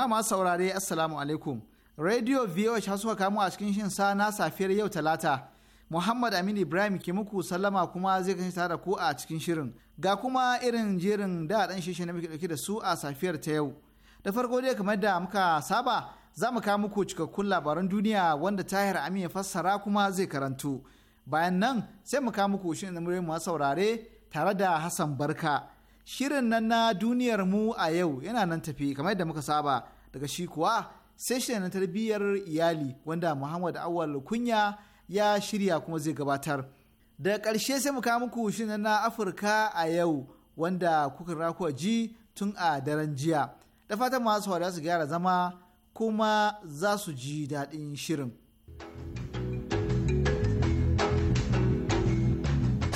jama'a masu saurare assalamu alaikum radio voh suka kamu a cikin shin sa na safiyar yau talata muhammad amin ibrahim ke muku sallama kuma zai kasance tare ku a cikin shirin ga kuma irin jerin da ɗan shishin da muke dauke da su a safiyar ta yau da farko dai kamar da muka saba za mu kawo muku cikakkun labaran duniya wanda tahir amin ya fassara kuma zai karantu bayan nan sai mu kawo muku shirin da mu saurare tare da hassan barka shirin nan na duniyar mu a yau yana nan tafi kamar yadda muka saba daga shi kuwa sai shirin na tarbiyyar iyali wanda Muhammad Awal Kunya ya shirya kuma zai gabatar. da karshe sai mu kawo muku shirin na Afirka a yau wanda kuka rakuwa ji tun a daren jiya. Da fatan masu su gyara zama kuma za su ji daɗin shirin.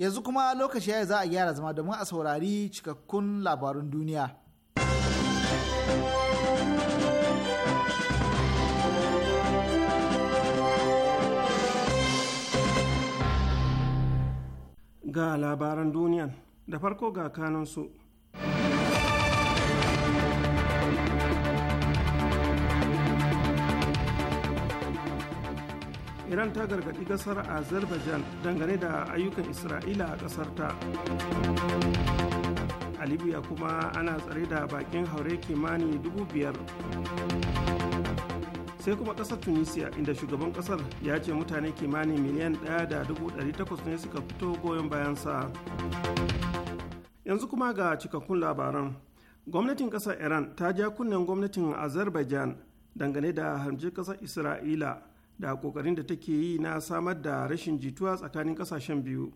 yanzu kuma lokaci ya za a gyara zama domin a saurari cikakkun labarun duniya. Ga labaran duniyan da farko ga kanansu. iran ta gargaɗi ƙasar azerbaijan dangane da ayyukan isra'ila a kasar ta a libya kuma ana tsare da bakin haure kimani dubu sai kuma ƙasar tunisia inda shugaban ƙasar ya ce mutane kimanin miliyan ɗaya da dubu ne suka fito goyon bayansa yanzu kuma ga cikakkun labaran gwamnatin ƙasar iran ta ja kunnen gwamnatin azerbaijan dangane da harjin ƙasar isra'ila da kokarin da take yi na samar da rashin jituwa tsakanin kasashen biyu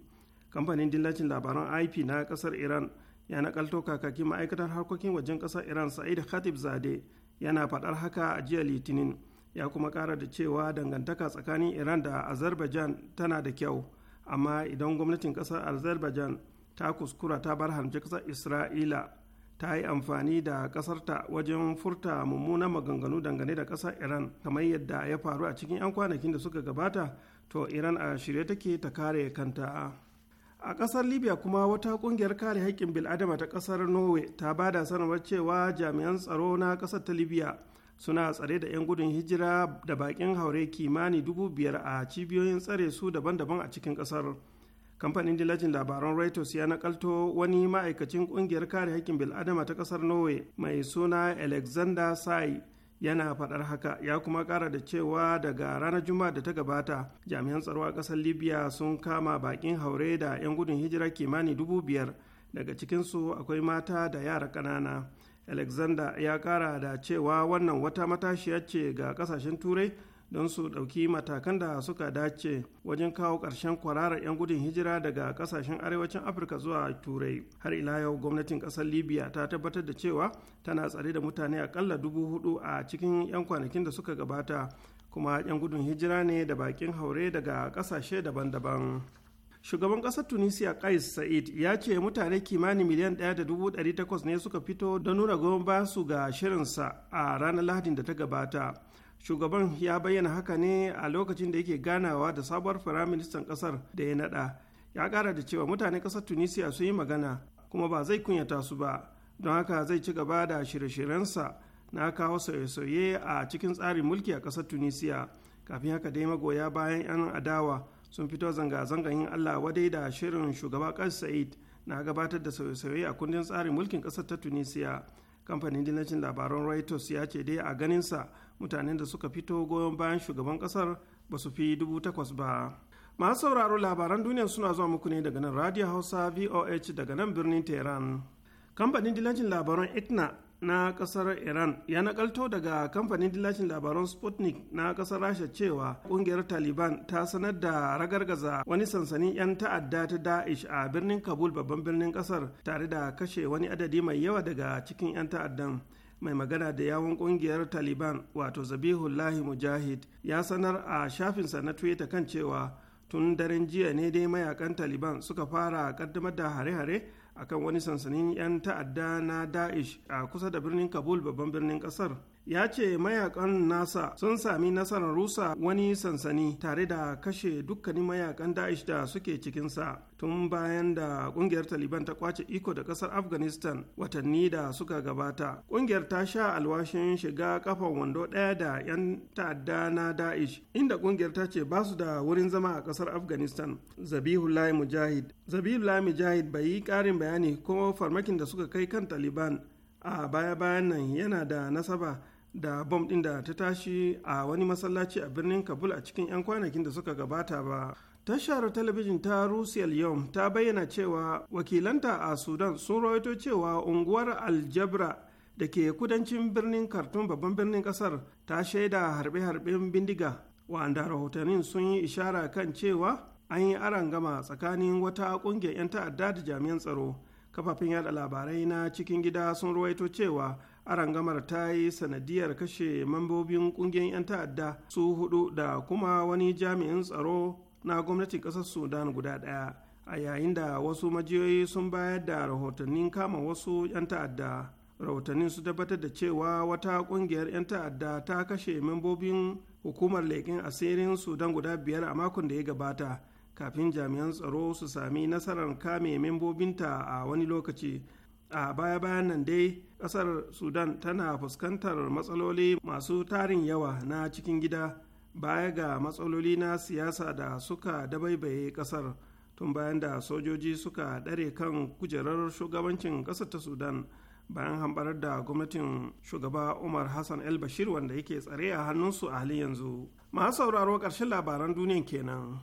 kamfanin dillacin labaran ip na kasar iran ya nakalto kakakin ma'aikatar harkokin wajen kasar iran sa'id khatib zade yana faɗar haka a jiya litinin ya kuma ƙara da cewa dangantaka tsakanin iran da azerbaijan tana da kyau amma idan gwamnatin kasar azerbaijan ta kuskura ta bar harmce kasar isra'ila ta yi amfani da ƙasarta wajen furta mummunan maganganu dangane da ƙasar iran kamar yadda ya faru a cikin 'yan kwanakin da suka gabata to iran a shirye take ta kare kanta a ƙasar libya kuma wata ƙungiyar kare haƙƙin bil'adama ta ƙasar norway ta ba da sanarwar cewa jami'an tsaro na ƙasar ta libya suna tsare da 'yan gudun hijira da baƙin haure kimani dubu biyar a cibiyoyin tsare su daban-daban a cikin ƙasar. kamfanin dilajin labaran reuters ya nakalto wani ma'aikacin kungiyar kare haƙƙin bil'adama ta ƙasar norway mai suna alexander sai yana faɗar haka ya kuma ƙara da cewa daga ranar juma'a da ta gabata jami'an tsaro a ƙasar libya sun kama baƙin haure da 'yan gudun hijira kimani dubu biyar daga cikinsu akwai mata da yara ƙanana alexander ya ƙara da cewa wannan wata matashiya ce ga ƙasashen turai don su ɗauki matakan da suka dace wajen kawo ƙarshen kwararar 'yan gudun hijira daga ƙasashen arewacin afirka zuwa turai har ila yau gwamnatin ƙasar libya ta tabbatar da cewa tana tsare da mutane aƙalla dubu hudu a cikin 'yan kwanakin da suka gabata kuma 'yan gudun hijira ne da baƙin haure daga ƙasashe daban-daban shugaban ƙasar tunisia kais sa'id ya ce mutane kimanin miliyan 1.800 ne suka fito don nuna ba su ga shirinsa a ranar lahadin da ta gabata shugaban ya bayyana haka ne a lokacin da yake ganawa da sabuwar firaministan kasar da ya nada ya kara da cewa mutane kasar tunisia sun yi magana kuma ba zai kunyata su ba don haka zai ci gaba da shirye-shiryensa na kawo sauye-sauye a cikin tsarin mulki a kasar tunisia kafin haka dai magoya bayan 'yan adawa sun fito zanga-zangan yin allah wadai da shirin shugaba kas sa'id na gabatar da sauye-sauye a kundin tsarin mulkin kasar ta tunisia kamfanin dinacin labaran reuters ya ce dai a ganinsa mutanen da suka fito goyon bayan shugaban kasar ba su fi dubu takwas ba masu sauraro labaran duniya suna zuwa muku ne daga nan radio hausa voh daga nan birnin tehran kamfanin dilancin labaran itna na kasar iran ya nakalto daga kamfanin dilancin labaran sputnik na kasar rasha cewa kungiyar taliban ta sanar da ragargaza wani sansanin 'yan ta'adda ta da'ish a birnin kabul babban birnin kasar tare da kashe wani adadi mai yawa daga cikin 'yan ta'addan mai magana da yawon kungiyar taliban wato zabihullahi mujahid ya sanar a shafinsa na twitter kan cewa tun daren jiya ne dai mayakan taliban suka fara kaddamar da hare-hare akan wani sansanin 'yan ta'adda na daesh a kusa da birnin kabul babban birnin kasar ya ce mayakan nasa sun sami nasarar rusa wani sansani tare da kashe dukkanin mayakan da'ish da suke cikinsa tun bayan da kungiyar taliban ta kwace iko da kasar afghanistan watanni da suka gabata kungiyar ta sha alwashin shiga kafan wando daya da 'yan ta'adda na da'ish inda kungiyar ta ce ba su da wurin zama a kasar afghanistan zabihullahi mujahid zabihullahi mujahid bai yi ƙarin bayani ko farmakin da suka kai kan taliban a baya-bayan nan yana da nasaba da bom ɗin da ta tashi a wani masallaci a birnin kabul a cikin 'yan kwanakin da suka gabata ba tashar talabijin ta rusiyal yom ta bayyana cewa wakilanta a sudan sun rawaito cewa unguwar aljabra da ke kudancin birnin khartoum babban birnin kasar ta shaida harbe-harben bindiga wanda rahotannin sun yi ishara kan cewa an yi gama tsakanin wata kungiyar 'yan ta'adda da jami'an tsaro kafafen yada labarai na cikin gida sun rawaito cewa arangamar ta yi sanadiyar kashe mambobin kungiyar 'yan ta'adda su hudu da kuma wani jami'in tsaro na gwamnatin kasar sudan guda daya a yayin da wasu majiyoyi sun bayar da rahotannin kama wasu 'yan ta'adda rahotannin su tabbatar da cewa wata kungiyar 'yan ta'adda ta kashe mambobin hukumar leƙin asirin sudan guda biyar a makon da ya gabata kafin jami'an tsaro su sami nasarar kame mambobinta a wani lokaci a baya-bayan nan dai kasar sudan tana fuskantar matsaloli masu tarin yawa na cikin gida baya ga matsaloli na siyasa da suka dabaibaye kasar tun bayan da sojoji suka ɗare kan kujerar shugabancin ƙasar ta sudan bayan hambarar da gwamnatin shugaba umar hassan el bashir wanda yake tsare a hannunsu a halin yanzu masu sauraro ƙarshen labaran duniyan kenan.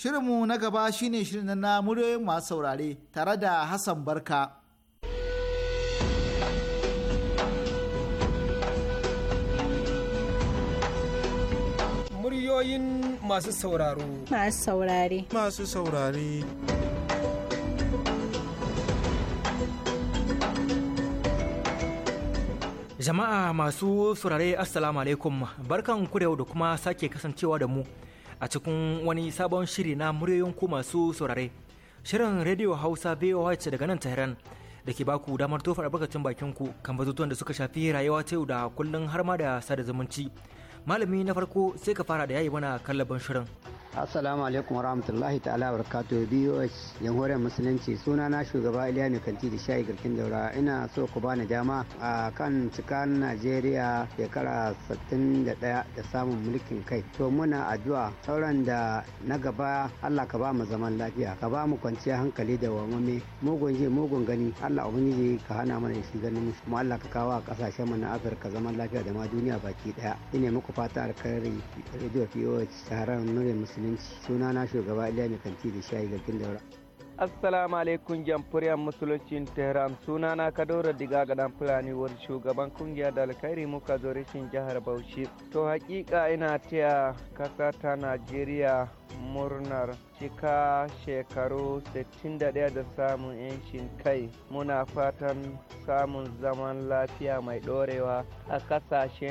Shirinmu na gaba shine shirin na muryoyin masu saurare tare da Hassan Barka. Muryoyin masu sauraro. Masu saurare. Masu saurare. Jama'a masu saurare Assalamu alaikum barkan ku da da kuma sake kasancewa da mu. a cikin wani sabon shiri na muryoyin ku masu saurare. Shirin Radio Hausa VOH daga nan Tehran da ke baku damar tofa albarkacin bakin ku kan batutuwan da suka shafi rayuwa ta yau da kullun har ma da sada zumunci. Malami na farko sai ka fara da yayi mana kallabin shirin. Assalamu alaikum wa warahmatullahi ta'ala barakatu bos Jamhuriyar Musulunci suna na shugaba Iliya mai kanti da shayi garkin daura ina so ku bani dama a kan cikar Najeriya shekara 61 da samun mulkin kai to muna addu'a sauran da na gaba Allah ka ba mu zaman lafiya ka ba mu kwanciyar hankali da wamame mugun ji mugun gani Allah ubangiji ka hana mana shi ganin mu Allah ka kawo a kasashen mu na Afirka zaman lafiya da ma duniya baki daya ina muku fata alkhairi radio BOH taron Nuri Musulunci musulunci na shugaba iliya mai kanti da shayi ga kin daura assalamu alaikum jamhuriyar musuluncin tehran suna na kadora diga gadan fulani wani shugaban kungiyar da alkhairi muka zo rashin jihar bauchi to hakika ina taya kasa ta najeriya murnar cika shekaru 61 da samun 'yancin kai muna fatan samun zaman lafiya mai ɗorewa a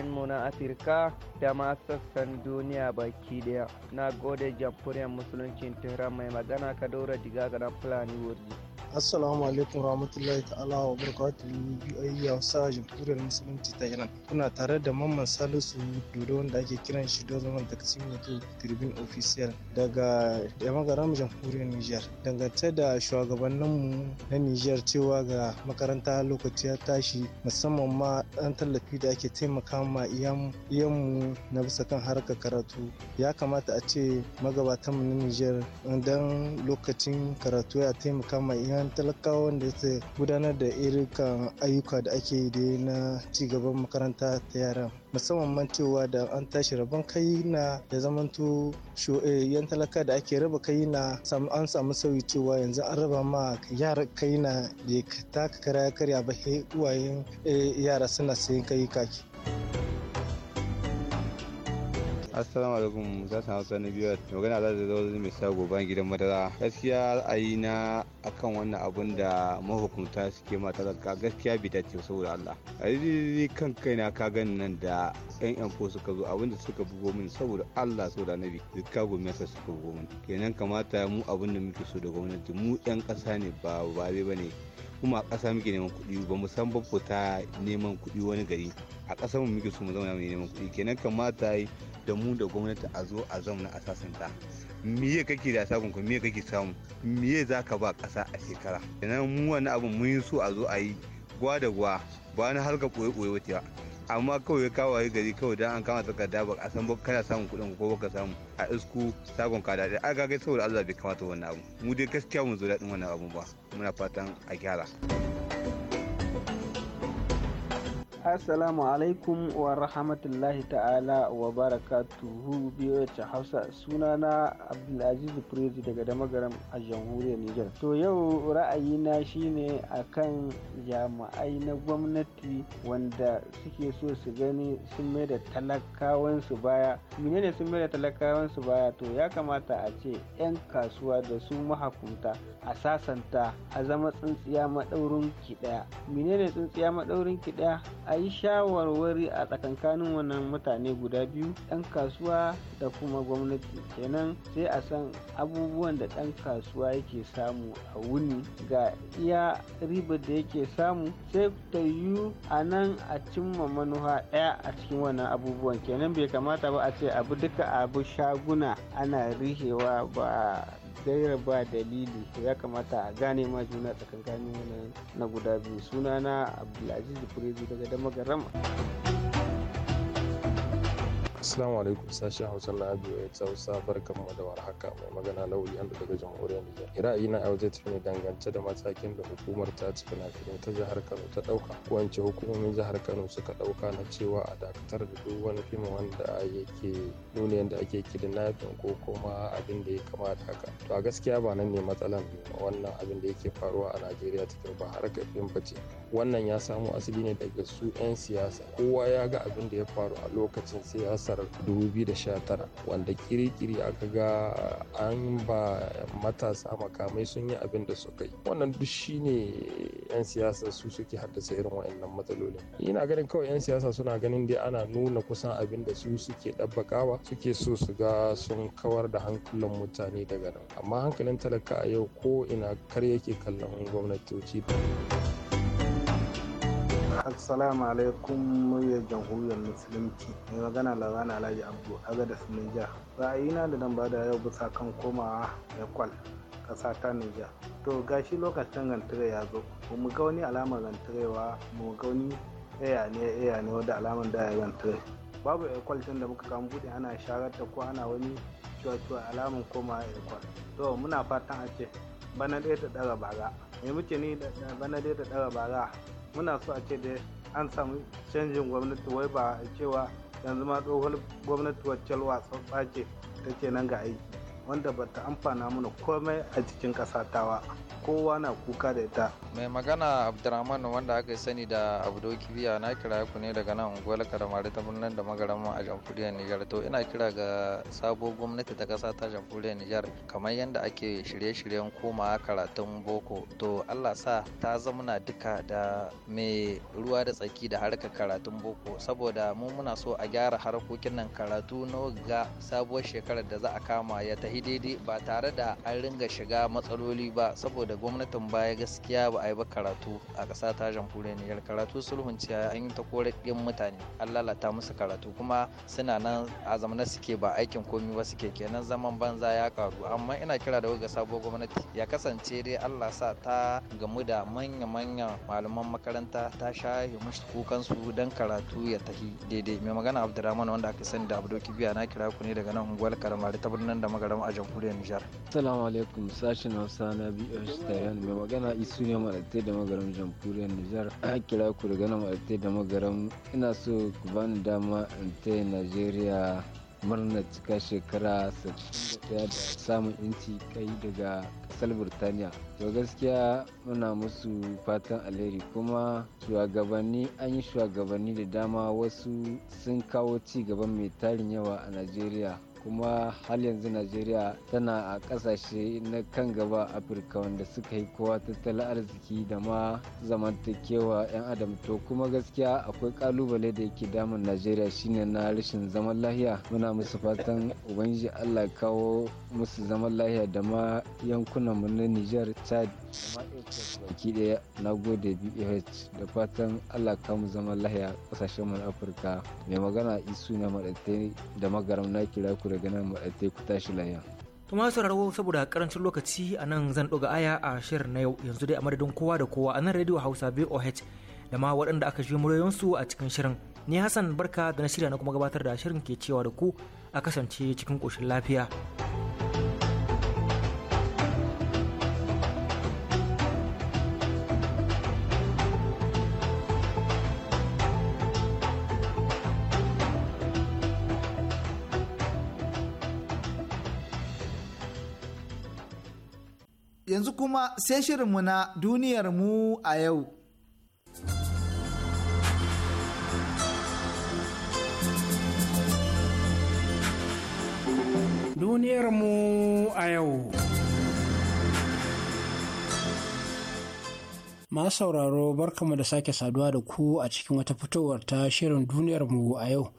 mu na afirka da ma sassan duniya baki daya na gode jamhuriyar musuluncin tehran mai magana kadora diga ga fulani wurji assalamu alaikum rahmatullahi ta'ala wa bi biyu hausa jamhuriyar musulunci ta iran kuna tare da mamman salisu dodo wanda ake kiran shi don zaman taksim yake tribune official daga yamagaram jamhuriyar nijar dangance da shugabanninmu na nijar cewa ga makaranta lokaci ya tashi musamman ma dan tallafi da ake taimaka ma iyanmu na bisa kan harkar karatu ya kamata a ce magabatanmu na nijar dan lokacin karatu ya taimaka ma iyan bayan talakawan da su gudanar da irukan ayyuka da ake yi da na cigaban makaranta ta yara musamman man cewa da an tashi rabon kai na ya zamanto eh, yan talaka da ake raba kai na an samu sauyi cewa yanzu an raba ma yara kai na bai taka kara karya ba uwayen eh, yara suna sayan kai kaki assalamu alaikum sassan hausa na biyar magana za ta zo mai sa goban gidan madara gaskiya ra'ayi na akan wannan abun da mahukunta suke ma talaka gaskiya bi dace saboda Allah a yi kan kaina ka gani nan da yan ko suka zo abinda suka bugo min saboda Allah saboda nabi gomi gwamnati suka bugo min kenan kamata mu abin da muke so da gwamnati mu yan ƙasa ne ba ba ne kuma a ƙasa muke neman kuɗi ba mu san ba fita neman kuɗi wani gari a ƙasa mu muke so mu zama neman kuɗi kenan kamata da mu da gwamnati a zo a zauna a sasanta miye kake da sakon ku miye kake samu miye za ba kasa a shekara idan mu wani abu mun yi so a zo a yi gwa da gwa ba na halka ɓoye ɓoye wata amma kawai ka waye gari kawai dan an kama takarda ba a san ba kana samun kuɗin ko baka samu a isku sakon ka daɗi a gagai saboda Allah bai kamata wannan abu mu dai gaskiya mun zo daɗin wannan abu ba muna fatan a gyara. Assalamu alaikum wa rahmatullahi ta'ala wa barakatuhu biyo Hausa sunana Abdulaziz Prezi daga Damagaram a jamhuriyar Nijar. To yau ra'ayina shine akan jami'ai na gwamnati wanda suke so su gani sun mai da talakawansu baya. Menene sun mai da talakawansu baya to ya kamata a ce 'yan kasuwa da su mahakunta a sasanta a zama tsintsiya maɗaurin ki ɗaya. Menene tsintsiya maɗaurin ki ɗaya? a yi shawarwari a tsakankanin wannan mutane guda biyu ɗan kasuwa da kuma gwamnati kenan sai a san abubuwan da ɗan kasuwa yake samu a wuni ga iya ribar da yake samu sai ta yi a nan a cimma manuha ɗaya a cikin wannan abubuwan kenan bai kamata ba a ce abu duka abu shaguna ana rihewa ba gaira ba dalili ya kamata a gane ma juna tsakankanin na guda biyu sunana abdulaziz furezi daga damagaram Assalamu alaikum sashen Hausa na Abiyo ya barkan mu da warhaka mai magana lauyi an daga jamhuriyar Nijar. Ra'ayi na Auje ne dangance da matakin da hukumar ta ci na ta jihar Kano ta ɗauka. Wance hukumomin jihar Kano suka dauka na cewa a dakatar da duk wani fim wanda yake nuna yadda ake kidnapping ko kuma abin da ya kamata haka. To a gaskiya ba nan ne matsalan wannan abin da yake faruwa a Najeriya take ba harkar fim bace. Wannan ya samo asali ne daga su 'yan siyasa. Kowa ya ga abin da ya faru a lokacin siyasa kasar 2019 wanda kirikiri aka ga an ba matasa makamai sun yi abin da suka yi wannan duk shine 'yan siyasa su suke haddasa irin wa'annan matsalolin ina ganin kawai 'yan siyasa suna ganin dai ana nuna kusan abin da su suke ɗabbakawa suke so su ga sun kawar da hankulan mutane daga nan amma hankalin talaka a yau ko ina kar yake kallon gwamnatoci assalamu alaikum muryar jamhuriyar musulunci mai magana laurana alhaji abdu agadas niger ra'ayina da nan bada yau bisa kan komawa nepal ƙasa ta nija to gashi lokacin gantare ya zo ba mu ga wani alamar rantarewa mu ga wani eya ne eya ne wanda alamar da ya gantare babu ekwal da muka kama buɗe ana sharar ta ko ana wani cuwa-cuwa alamar komawa ekwal to muna fatan a ce bana ɗaya ta ɗara bara me muke ni bana ɗaya ta ɗara bara muna so a ce da an samu canjin gwamnati wai ba a cewa yanzu ma tsohon gwamnati waccan wasan ce take nan ga aiki wanda bata amfana mana komai a cikin ƙasa tawa. kowa na kuka da ita mai magana abdurrahman wanda aka sani da abdo kibiya na kira ku ne daga nan unguwar karamare ta birnin da magaraman a jamhuriyar nijar to ina kira ga sabo gwamnati ta kasa ta jamhuriyar nijar kamar yadda ake shirye-shiryen koma karatun boko to allah sa ta zamana duka da mai ruwa da tsaki da harkar karatun boko saboda mu muna so a gyara harkokin nan karatu na ga sabuwar shekarar da za a kama ya tahi daidai ba tare da an ringa shiga matsaloli ba saboda gwamnatin baya gaskiya ba a yi ba karatu a ƙasa ta jamhuriyar karatu sulhun ce an yi ta korafin mutane an lalata musu karatu kuma suna nan a zamanar suke ba aikin komi ba suke kenan zaman banza ya karu amma ina kira da ga sabuwar gwamnati ya kasance dai allah sa ta gamu da manya-manyan malaman makaranta ta sha musu kukan su don karatu ya tafi daidai mai magana abdurrahman wanda aka sani da doki biya na kira ku ne daga nan unguwar karamari ta birnin da magarama a jamhuriyar nijar salamu alaikum sashen hausa na biyu mai magana isu ne maɗatai da magaram jamhuriyar Nijar a kira ku daga nan maɗatai da magaram ina so ku bani dama in taya Najeriya murnar cika shekara 61 da samun inci kai daga kasar burtaniya to gaskiya muna musu fatan alheri kuma shugabanni an yi shugabanni da dama wasu sun kawo ci gaba mai tarin yawa a najeriya kuma har yanzu najeriya tana a kasashe na kan gaba afirka wanda suka yi kowa tattalin arziki da ma zamantakewa 'yan adam to kuma gaskiya akwai kalubale da yake damun najeriya shine na rashin zaman lahiya muna musu fatan ubangiji allah kawo musu zaman lahiya da ma yankunanmu na niger chad amma baki daya na gode BAH da fatan Allah kamu zaman lahiya kasashen mu na Afirka mai magana isu na maɗatai da magaram na kira ku daga nan maɗatai ku tashi lahiya. Tuma sauraro saboda karancin lokaci a nan zan ɗoga aya a shirin na yau yanzu dai a madadin kowa da kowa a nan rediyo Hausa BOH da ma waɗanda aka shi muryoyinsu a cikin shirin. Ni Hassan Barka da na shirya na kuma gabatar da shirin ke cewa da ku a kasance cikin ƙoshin lafiya. yanzu kuma sai shirinmu na duniyar mu a yau. Duniyar mu a yau. Masu sauraro barkamu da sake saduwa da ku a cikin wata fitowar ta shirin duniyarmu a yau.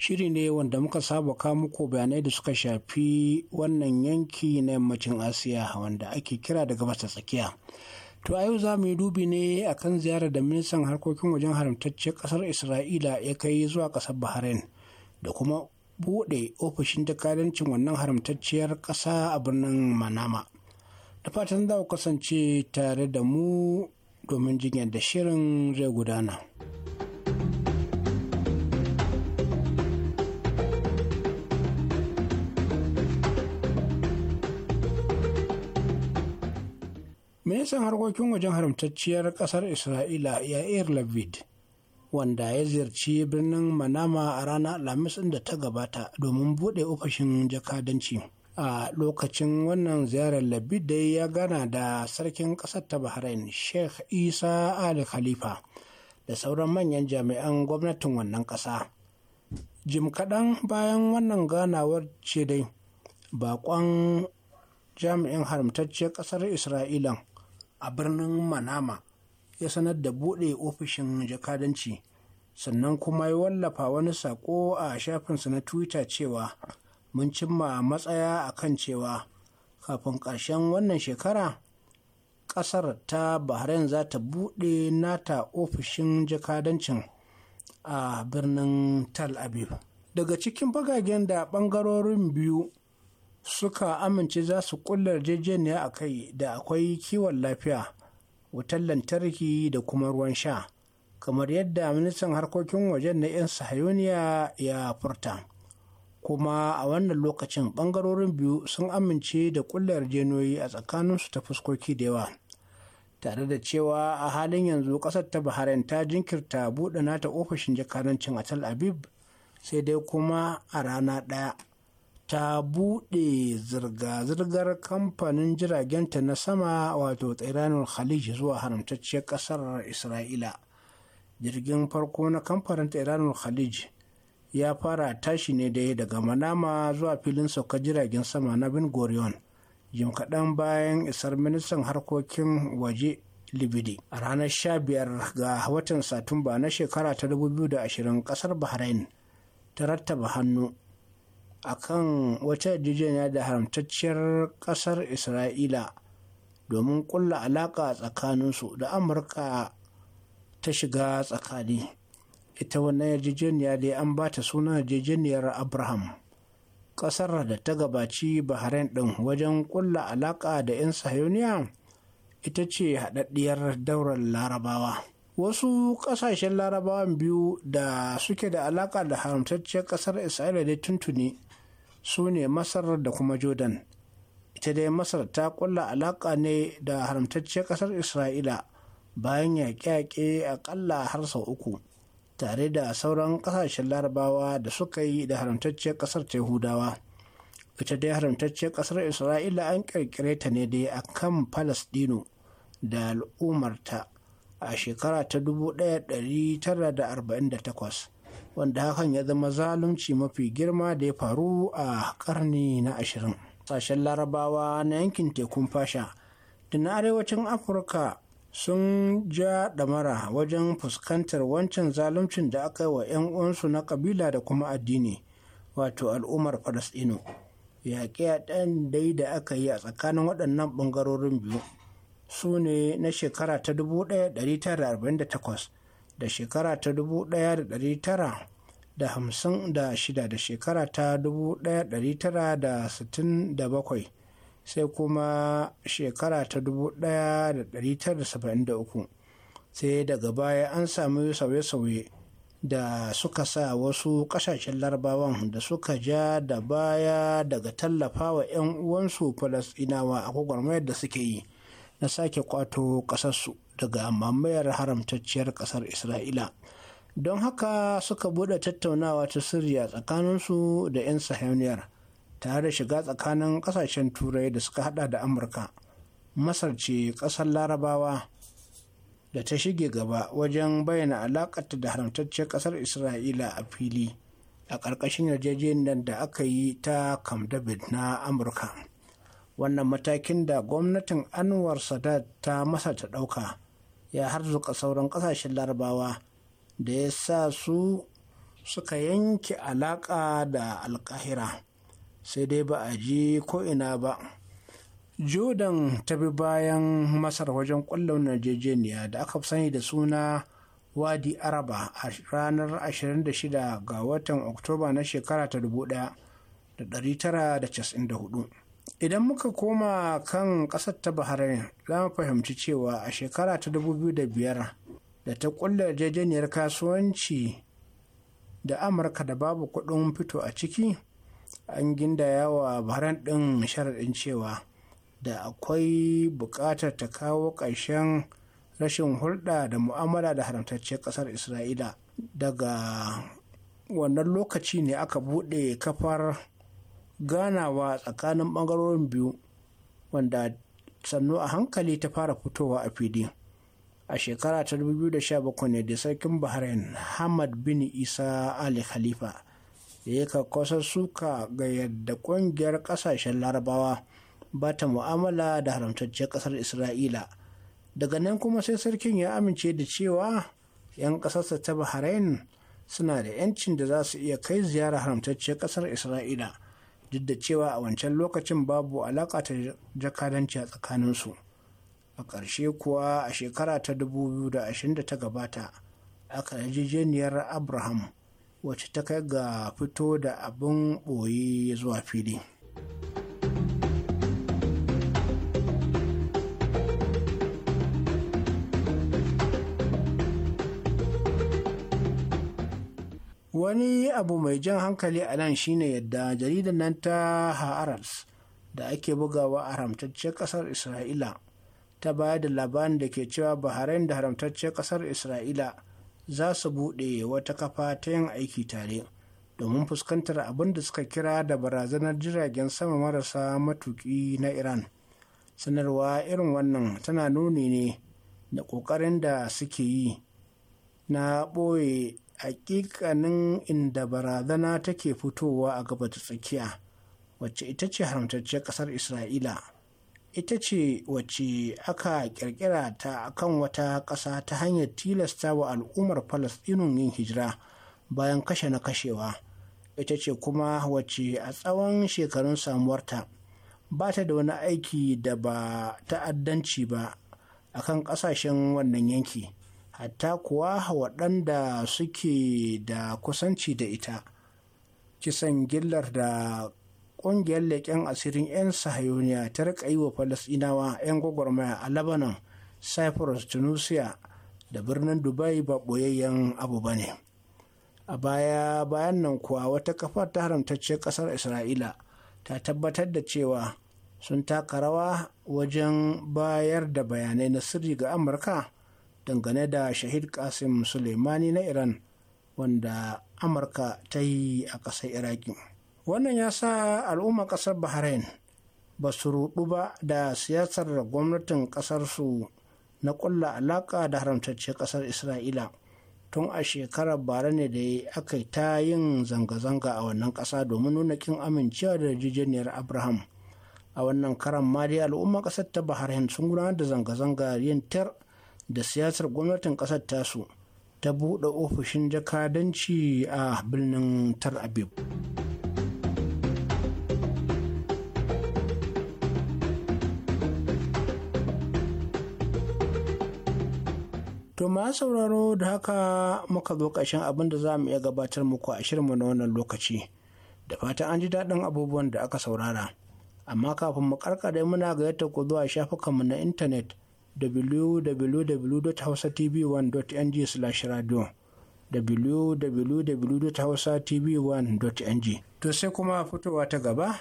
shiri ne wanda muka saba ka muku bayanai da suka shafi wannan yanki na yammacin asiya wanda ake kira da gabas ta tsakiya to a yau za mu yi dubi ne akan ziyarar da ministan harkokin wajen haramtacciyar kasar isra'ila ya kai zuwa kasar bahrain da kuma buɗe ofishin jakadancin wannan haramtacciyar ƙasa a birnin manama da fatan za ku kasance tare da mu domin jinyar da shirin zai gudana. ministan harkokin wajen haramtacciyar kasar isra'ila yair lavid wanda ya ziyarci birnin manama a ranar alhamis da ta gabata domin bude ofishin jakadanci a lokacin wannan ziyarar lavid da ya gana da sarkin ƙasar ta bahrain sheikh isa ali khalifa da sauran manyan jami'an gwamnatin wannan ƙasa jim kaɗan bayan wannan ganawar ce dai bakon jami'in haramtacciyar ƙasar isra'ilan a birnin manama ya sanar da buɗe ofishin jakadanci sannan kuma ya wallafa wani saƙo a shafinsa na twitter cewa mun cimma matsaya a kan cewa kafin ƙarshen wannan shekara ƙasar ta bahrain za ta buɗe nata ofishin jakadancin a birnin Tal Abib. daga cikin bagagen da ɓangarorin biyu suka amince za su kulla jejeniya a kai da akwai kiwon lafiya wutar lantarki da kuma ruwan sha kamar yadda ministan harkokin wajen na 'yan sahayoniya ya furta kuma a wannan lokacin bangarorin biyu sun amince da kulla yarjejeniyoyi a tsakaninsu ta fuskoki da yawa tare da cewa a halin yanzu kasar ta bahrain ta jinkirta buɗe nata ofishin jakadancin a abib sai dai kuma a rana ɗaya ta buɗe zirga-zirgar kamfanin jiragenta na sama wato tsiranin khalij zuwa haramtacciyar ƙasar isra'ila jirgin farko na kamfanin tsiranin khalij ya fara tashi ne dai daga manama zuwa filin sauka jiragen sama na bin gorion jim kaɗan bayan isar ministan harkokin waje libidi a ranar 15 ga watan satumba na shekara ta 2020 ƙasar bahrain ta rattaba hannu A kan wata yarjejeniya da haramtacciyar ƙasar isra'ila domin kulla alaƙa tsakaninsu da amurka ta shiga tsakani ita wannan yarjejeniya dai an ba ta suna yarjejeniyar abraham ƙasar da ta gabaci bahrain ɗin wajen kulla alaƙa da 'yan sahiyoniya ita ce haɗaɗɗiyar daular larabawa wasu ƙasashen larabawan biyu da suke da alaƙa da haramtacciyar ƙasar isra'ila da tuntuni su ne masar da kuma jordan ita dai masar ta kulla alaƙa ne da haramtacciyar ƙasar isra'ila bayan yaƙe-yaƙe aƙalla har sau uku tare da sauran ƙasashen larabawa da suka yi da haramtacciyar ƙasar yahudawa ita dai haramtacciyar ƙasar isra'ila an ƙirƙire ta ne dai a kan falasɗinu da al'ummarta a shekara ta 1948 wanda hakan ya zama zalunci mafi girma da ya faru a karni na ashirin sashen larabawa na yankin tekun fasha da na arewacin afirka sun ja mara wajen fuskantar wancan zaluncin da aka yi wa 'yan uwansu na kabila da kuma addini wato al'ummar ya kiya ɗan dai da aka yi a tsakanin waɗannan ɓangarorin biyu su ne na shekara ta 1948 da shekara ta 1956 da shekara ta 1967 sai kuma shekara ta 1973 sai daga baya an sami sauye-sauye da suka sa wasu kasashen larabawan da suka ja da baya daga tallafa wa 'yan uwansu falasinawa a gwagwarmayar da suke yi na sake kwato ƙasarsu. daga mamayar haramtacciyar ƙasar isra'ila don haka suka buɗe tattaunawa ta sirri tsakaninsu da 'yan sahaniyar tare da shiga tsakanin ƙasashen turai da suka hada da amurka masar ce ƙasar larabawa da ta shige gaba wajen bayyana alaƙarta da haramtacciyar ƙasar isra'ila a fili a ƙarƙashin yarjejeniyar da aka yi ta camp david na amurka wannan matakin da gwamnatin anwar sadat ta masa ta ɗauka ya harzuka sauran ƙasashen larabawa da ya sa su suka yanke alaƙa da alƙahira sai dai ba a ji ko'ina ba jordan ta bi bayan masar wajen ƙwallon najejeniya da aka sani da suna wadi araba a ranar 26 ga watan oktoba na shekara ta 1994 idan muka koma kan ƙasar ta bahrain za mu fahimci cewa a shekara ta 2005 da ta kulla yarjejeniyar kasuwanci da amurka da babu kuɗin fito a ciki an gindaya wa bahrain ɗin sharaɗin cewa da akwai buƙatar ta kawo ƙarshen rashin hulɗa da mu'amala da haramtacciyar ƙasar isra'ila daga wannan lokaci ne aka buɗe kafar ganawa tsakanin ɓangarorin biyu wanda sannu a hankali ta fara fitowa a fili a shekara ta 2017 ne da sarkin bahrain hamad bin isa ali khalifa da ya kakkwasar suka ga yadda ƙungiyar ƙasashen larabawa ba ta mu'amala da haramtacciyar ƙasar isra'ila daga nan kuma sai sarkin ya amince da cewa 'yan ƙasarsa ta bahrain suna da 'yancin da za su iya kai ziyara haramtacce ƙasar isra'ila duk da cewa a wancan lokacin babu alaƙa ta jakadanci a tsakaninsu a ƙarshe kuwa a shekara ta 2020 ta gabata aka yarjejeniyar abraham wacce ta kai ga fito da abin ɓoye zuwa fili. wani abu mai jan hankali a nan shine yadda jaridar nan ta ha'aras da ake bugawa a haramtacciyar kasar isra'ila ta bayar da labarin da ke cewa bahrain da haramtacciyar kasar isra'ila za su buɗe wata kafa ta yin aiki tare domin fuskantar abin da suka kira da barazanar jiragen sama marasa matuki na iran sanarwa irin wannan tana nuni ne da ƙoƙarin da suke yi na ɓoye hakikanin inda barazana take fitowa a gaba ta tsakiya wacce ita ce haramtacciyar ƙasar isra'ila ita ce wacce aka kirkira ta kan wata ƙasa ta hanyar tilasta wa al'ummar falastinun yin hijira bayan kashe na kashewa ita ce kuma wacce a tsawon shekarun samuwarta ba ta da wani aiki da ba ta'addanci ba a kan ƙasashen wannan yanki hatta kuwa waɗanda suke da kusanci da ita kisan gillar da ƙungiyar leƙen asirin 'yan sahayoniya ta rika yi wa falasɗinawa 'yan gwagwarmaya a lebanon cyprus tunisia da birnin dubai ba ɓoyayyen abu ba ne a baya bayan nan kuwa wata kafar ta haramtacce ƙasar isra'ila ta tabbatar da cewa sun taka rawa wajen bayar da bayanai na sirri ga amurka dangane da shahid kasim suleimani na iran wanda amurka ta yi a ƙasar iraki wannan ya sa al'ummar ƙasar bahrain ba su rudu ba da siyasar gwamnatin ƙasarsu na ƙulla alaƙa da haramtacce ƙasar isra'ila tun a shekarar bara ne da aka yi ta yin zanga-zanga a wannan ƙasa domin nuna kin amincewa da yarjejeniyar abraham a wannan karan ma dai al'ummar ƙasar ta bahrain sun gudanar da zanga-zanga yin tar da siyasar gwamnatin ƙasar tasu ta buɗe ofishin jakadanci a birnin tar abib To ma sauraro da haka muka zo ƙarshen abin da za mu iya gabatar muku a shirinmu na wannan lokaci. Da fata an ji daɗin abubuwan da aka saurara. Amma kafin mu karkare muna ga yadda ku zuwa shafukanmu na intanet www.hausatv1.ng/radio www.hausatv1.ng to sai kuma fitowa ta gaba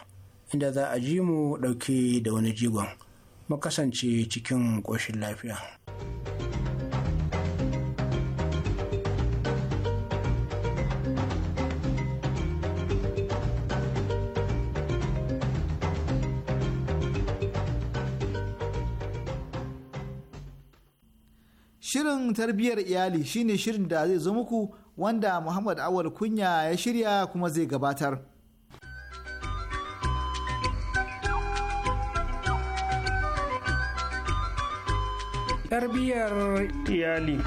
inda za a ji mu dauke da wani jigon mu kasance cikin ƙoshin lafiya. Shirin tarbiyyar iyali shine shirin da zai zo muku wanda Muhammad Awal Kunya ya shirya kuma zai gabatar. Tarbiyyar iyali.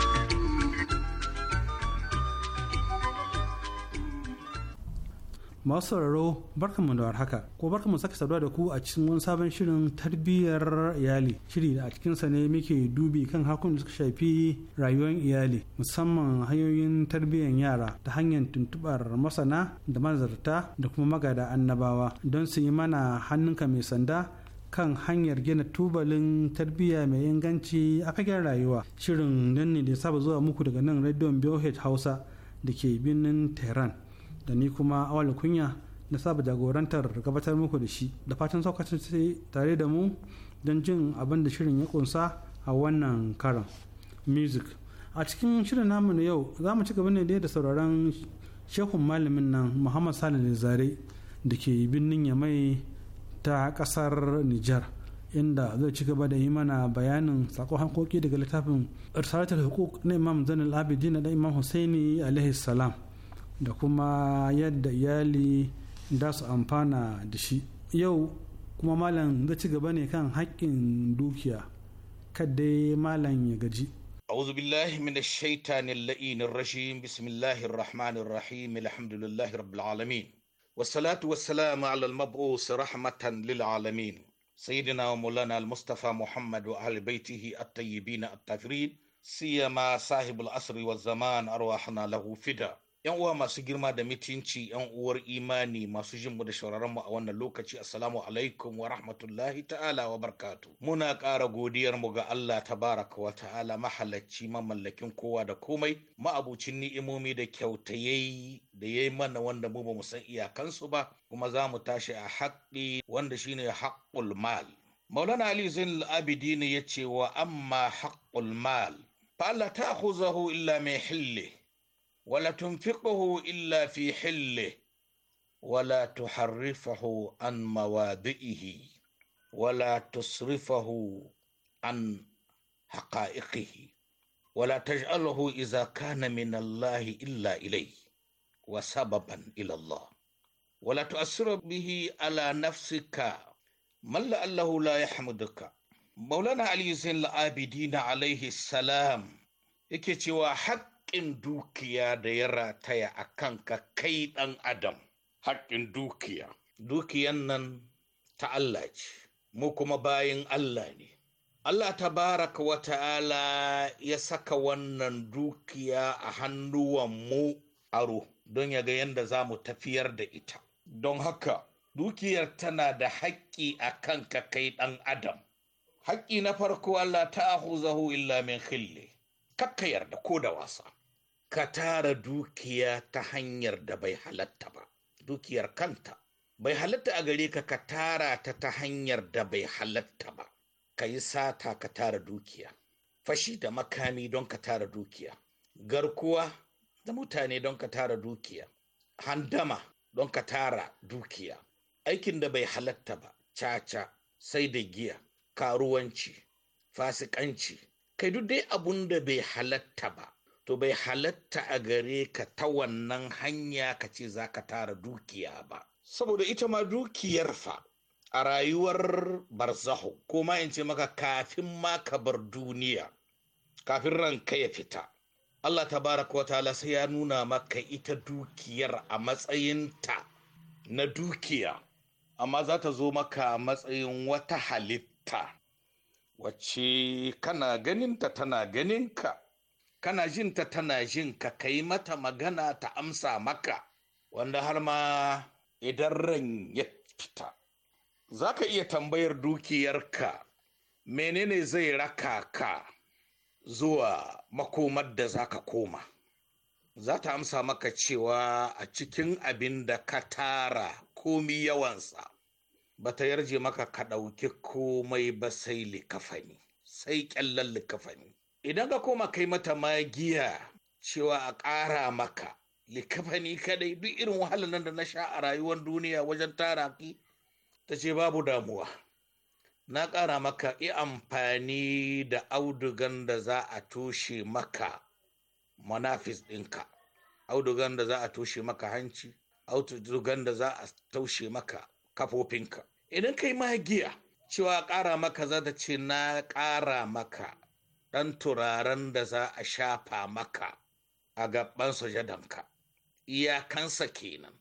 masu sauraro mu da warhaka ko mu saka saduwa da ku a cikin wani sabon shirin tarbiyyar iyali shiri da a cikinsa ne muke dubi kan hakun da suka shafi rayuwar iyali musamman hanyoyin tarbiyyar yara ta hanyar tuntubar masana da manzarta da kuma magada annabawa don su yi mana hannunka mai sanda kan hanyar gina tubalin tarbiyya mai inganci a fagen rayuwa shirin nan ne da saba zuwa muku daga nan rediyon BOH Hausa da ke birnin Tehran da ni kuma awal kunya na saba jagorantar gabatar muku da shi da fatan saukacin sai tare da mu don jin abin da shirin ya kunsa a wannan karan music a cikin shirin namu na yau za mu ci gaba ne da sauraron shehun malamin nan muhammad salim zare da ke birnin mai ta kasar nijar inda zai ci gaba da yi mana bayanin sako hankoki daga littafin risalatul hukuk na imam zainal abidin da imam husaini alaihi da kuma yadda iyali da su amfana da shi yau kuma malam zai ci gaba ne kan haƙƙin dukiya kadai malam ya gaji أعوذ بالله من الشيطان اللئين الرجيم بسم الله الرحمن الرحيم الحمد لله رب العالمين والصلاة والسلام على المبعوث رحمة للعالمين سيدنا ومولانا المصطفى محمد وأهل بيته الطيبين الطاهرين سيما صاحب العصر والزمان أرواحنا له فدا Yan uwa masu girma da mitinci yan uwar imani masu jin mu da shauraron mu a wannan lokaci assalamu alaikum wa rahmatullahi ta'ala wa barkatu. Muna ƙara godiyar mu ga Allah tabaraka wa ta'ala mahalacci mamallakin kowa da komai ma'abucin ni'imomi da kyautayi da yayi mana wanda mu ba mu san iyakansu ba kuma za mu tashi a haƙƙi wanda shine haƙƙul mal. Maulana Ali al Abidin ya ce wa amma haƙƙul mal fa Allah ta illa mai hille wala tunfiqahu ila fi hille wala tuharrifahu an mawadi'ihi wala tusrifahu an haƙa'iƙihi wala taj'alahu iza kana min Allah illa ilai wa sababan ila wala tu'assiru bihi ala nafsika man la'allahu la yahmuduka maulana ali zain al-abidin alaihi salam yake cewa hak haƙƙin dukiya da ya rataya a kanka kai ɗan adam haƙƙin dukiya dukiyan nan ta Allah ce mu kuma bayan Allah ne Allah tabaraka wa ta'ala ya saka wannan dukiya a hannuwan mu aro don ya ga yadda za mu tafiyar da ita don haka dukiyar tana da haƙƙi a kanka kai ɗan adam haƙƙi na farko Allah ta zahu illa min khille. kakka yarda ko da wasa ka tara dukiya ta hanyar da bai halatta ba dukiyar kanta bai halatta a gare ka ka tara ta ta hanyar da bai halatta ba ka yi sata ka tara dukiya fashi da makami don ka tara dukiya garkuwa da mutane don ka tara dukiya handama don ka tara dukiya aikin da bai halatta ba caca sai da giya karuwanci fasikanci kai duk dai abun da bai halatta ba to bai halatta a gare ka ta wannan hanya ka ce za ka tara dukiya ba saboda ita ma dukiyar fa a rayuwar barzahu ko ma in ce maka kafin ma ka bar duniya kafin ranka ya fita Allah ta baraka wa ta'ala sai ya nuna maka ita dukiyar a matsayinta na dukiya amma za ta zo maka a matsayin wata halitta wacce kana ganinta tana ganinka kana jin ta tana jin ka kai mata magana ta amsa maka wanda har ma idan ran ya fita za ka iya tambayar dukiyarka menene zai raka ka zuwa makomar da za ka koma za ta amsa maka cewa a cikin abin da ka tara komi yawansa ba ta yarje maka ka ɗauki komai ba sai likafani sai ƙyallen likafani idan ka koma kai mata magiya cewa a ƙara maka likafani kadai duk irin wahalar nan da na sha a rayuwar duniya wajen tara ki ta ce babu damuwa na ƙara maka yi amfani da audugan da za a toshe maka manafis ɗinka audugan da za a toshe maka hanci audugan da za a toshe maka kafofinka idan kai magiya cewa a ƙara maka za ta ce na ƙara maka ɗan turaren da za a shafa maka a gaban sujadanka iyakansa kenan